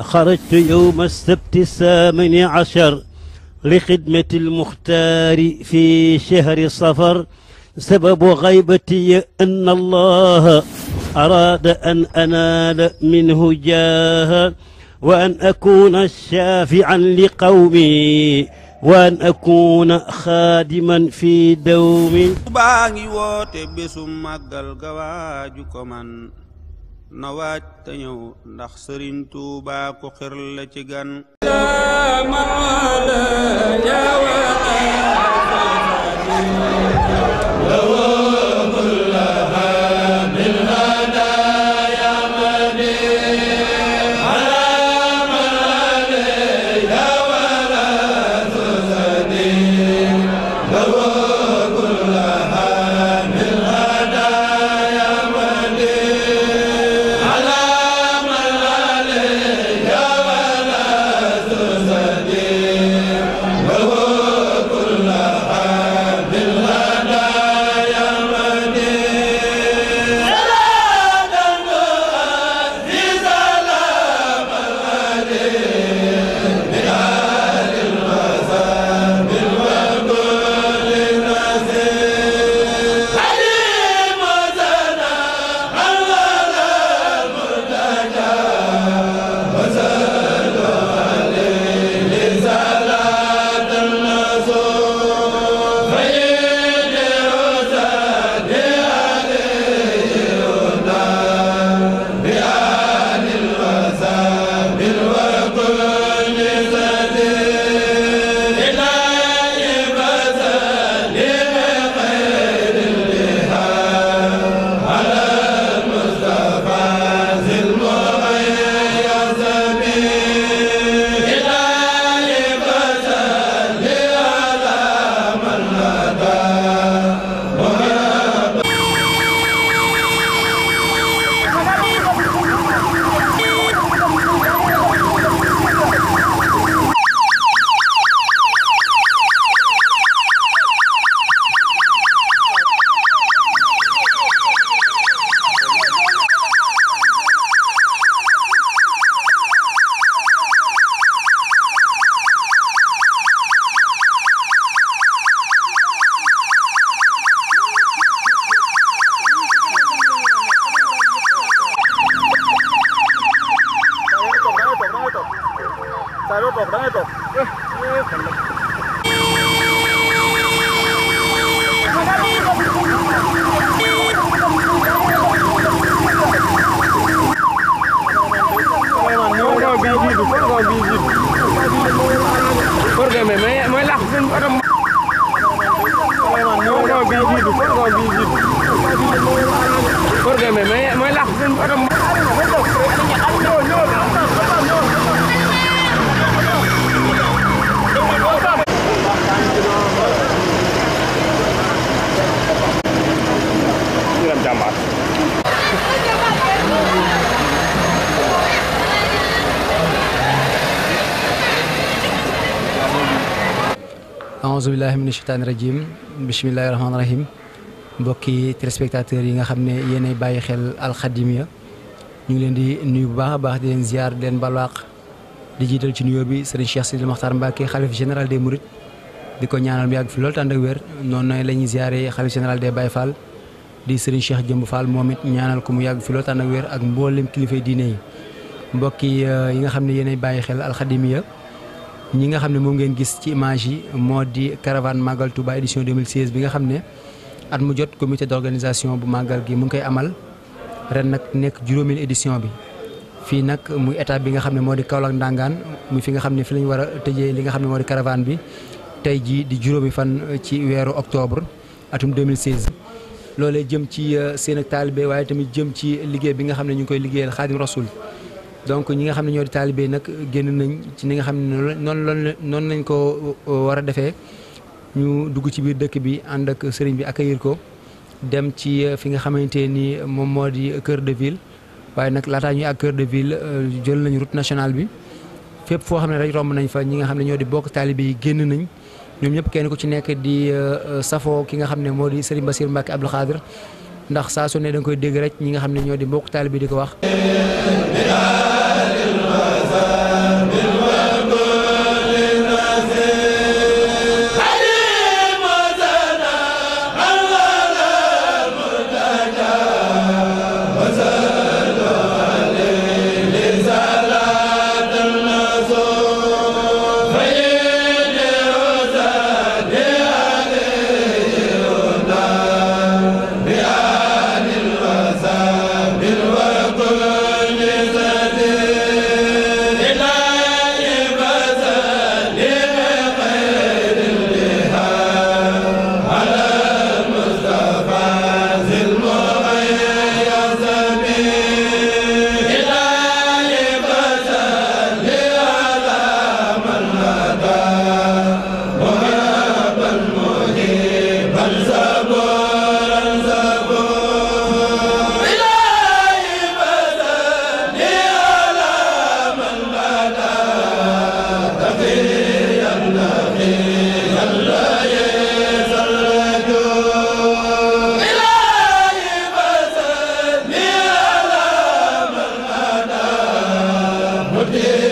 خرجت يوم السبت الثامن عشر لخدمة المختار في شهر صفر سبب غيبتي أن الله أراد أن أنال منه جاها وأن أكون شافعا لقومي وأن أكون خادما في دومي نوات تنيو نخسرين توبا خير لتغن لا مرحلة يا Hello! aousubillahi mina sheytaani rajim bisimillahi rahmaani rahim mbokki téléspectateurs yi nga xam ne yéenay bàyyi xel alxadimiya ñu ngi leen di nuy bu baax a baax di leen ziar di leen di jiital ci nuyoo bi sëriñ Cheikh Sidil Makhtar Mbacke xalif général des Mourides di ko ñaanal mu yàgg fi loolu tànd ak wér noonu la ñuy ziare xalif général des Baye Fall di sëriñ Cheikh Jëmb Fall moom it ñaanal ko mu yàgg fi loolu tànd ak wér ak mboolem kilifa diine yi mbokki euh, yi nga xam ne yéenay bàyyi xel alxadimiya ñi nga xam ne moom ngeen gis ci image yi moo di caravane Magal Touba édition 2016 bi nga xam ne at mu jot comité d'organisation bu màggal gi mu ngi koy amal ren nag nekk juróomeel édition bi fii nag muy étape bi nga xam ne moo di Kaolack Ndangaan muy fi nga xam ne fi lañ war a tëjee li nga xam ne moo di caravane bi tey jii di juróomi fan ci weeru octobre atum 2016. loolee jëm ci euh, seen ak taalibe waaye tamit jëm ci liggéey bi nga xam ne ñu ngi koy liggéeyal Xaadim donc ñi nga xam ne ñoo di taalibe nag génn nañ ci ni nga xam ne noonu noonu lañ ko euh, war a defee ñu dugg ci biir dëkk bi ànd ak sëriñ bi ak accueillir ko dem ci euh, fi nga xamante ni moom moo di kër de ville waaye nag laataa ñuy ak kër de ville euh, jël nañ route nationale bi fépp foo xam ne rek romb nañ fa ñi nga xam ne ñoo di bokk taalibe yi génn nañ ñoom ñëpp kenn ku ci nekk di safoo ki nga xam ne moo di sëriñ Bassirou Mbacké Abdou Khadre ndax saa so ne da koy dégg ñi nga xam ne ñoo di mbokk taalibe yi di ko wax Yeah.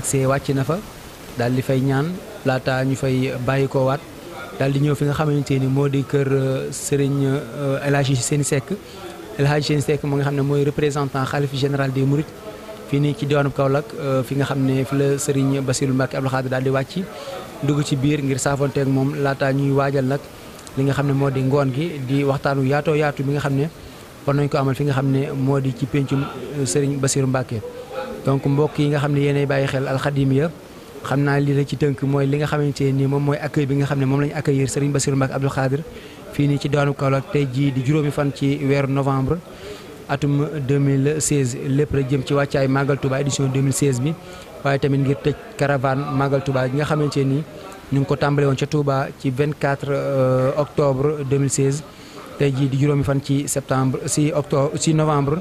agsee wàcc na fa daal di fay ñaan laata ñu fay bàyyi ko waat daal di ñëw fi nga xamante ni moo di kër euh, sëriñ euh, El Hadji Seni Seck El Hadji Seni nga xam ne mooy représentant xalif général des Mourides fii nii ci kaw Kaolack euh, fi nga xam ne fi la sëriñ Bassirou Mbacké Abdou Khadre daal di wàcc dugg ci biir ngir saafonteeg moom laata ñuy waajal nag li nga xam ne moo di ngoon gi di waxtaanu yaatoo yaatu bi nga xam ne war nañ ko amal fi nga xam ne moo di ci péncum sëriñ Bassirou Mbacké donc mbokk yi nga xam ne yéenay bàyyi xel alxadimiya xam naa lii la ci tënk mooy li nga xamante nii moom mooy accueil bi nga xam ne moom la ñu accueillir Serigne Bassirou Mbacké Abdou Khadre fii nii ci daanu Kaolack tey jii di juróomi fan ci weeru novembre atum 2016 lépp rek jëm ci wàccaay Magal Touba édition 2016 bi waaye tamit ngir tëj caravane Magal Touba nga xamante nii ñu ngi ko tàmbale ca Touba ci 24 euh, octobre 2016 tey jii di juróomi fan ci septembre si octobre si novembre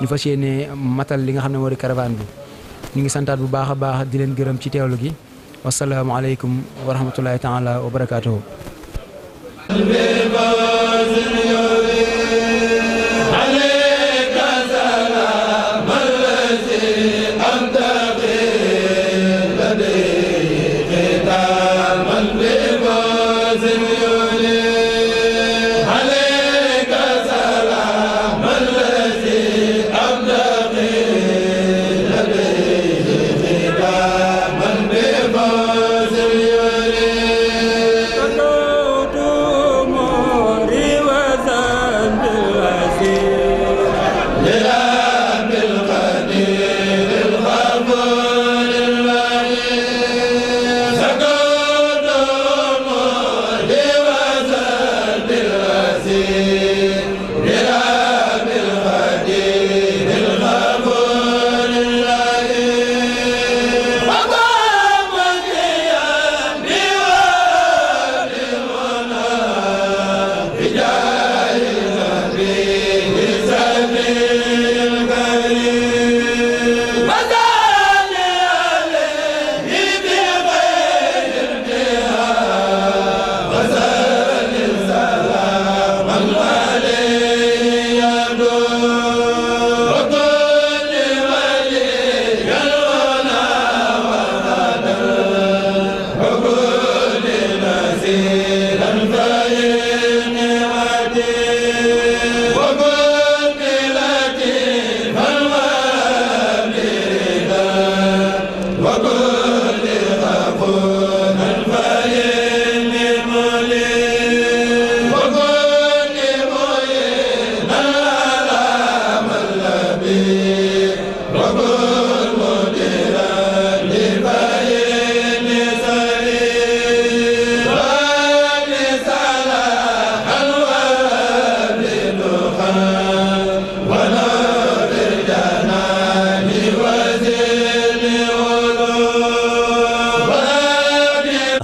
ñu fas yéene matal li nga xam ne moo di caravane bi ñu ngi santaat bu baax a baax di leen gërëm ci teewlu gi wasalaamaaleykum wa rahmatulahi taala wa barakaatuhu Deus.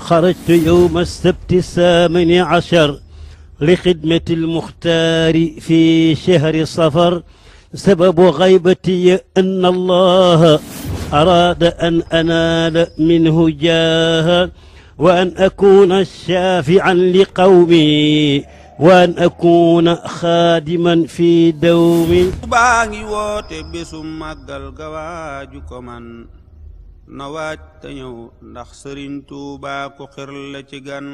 خرجت يوم السبت الثامن عشر لخدمة المختار في شهر صفر سبب غيبتي أن الله أراد أن أنال منه جاها وأن أكون شافعا لقومي وأن أكون خادما في دومي na waaj te ñëw ndax sëriñ tuubaa ku xir la ci gan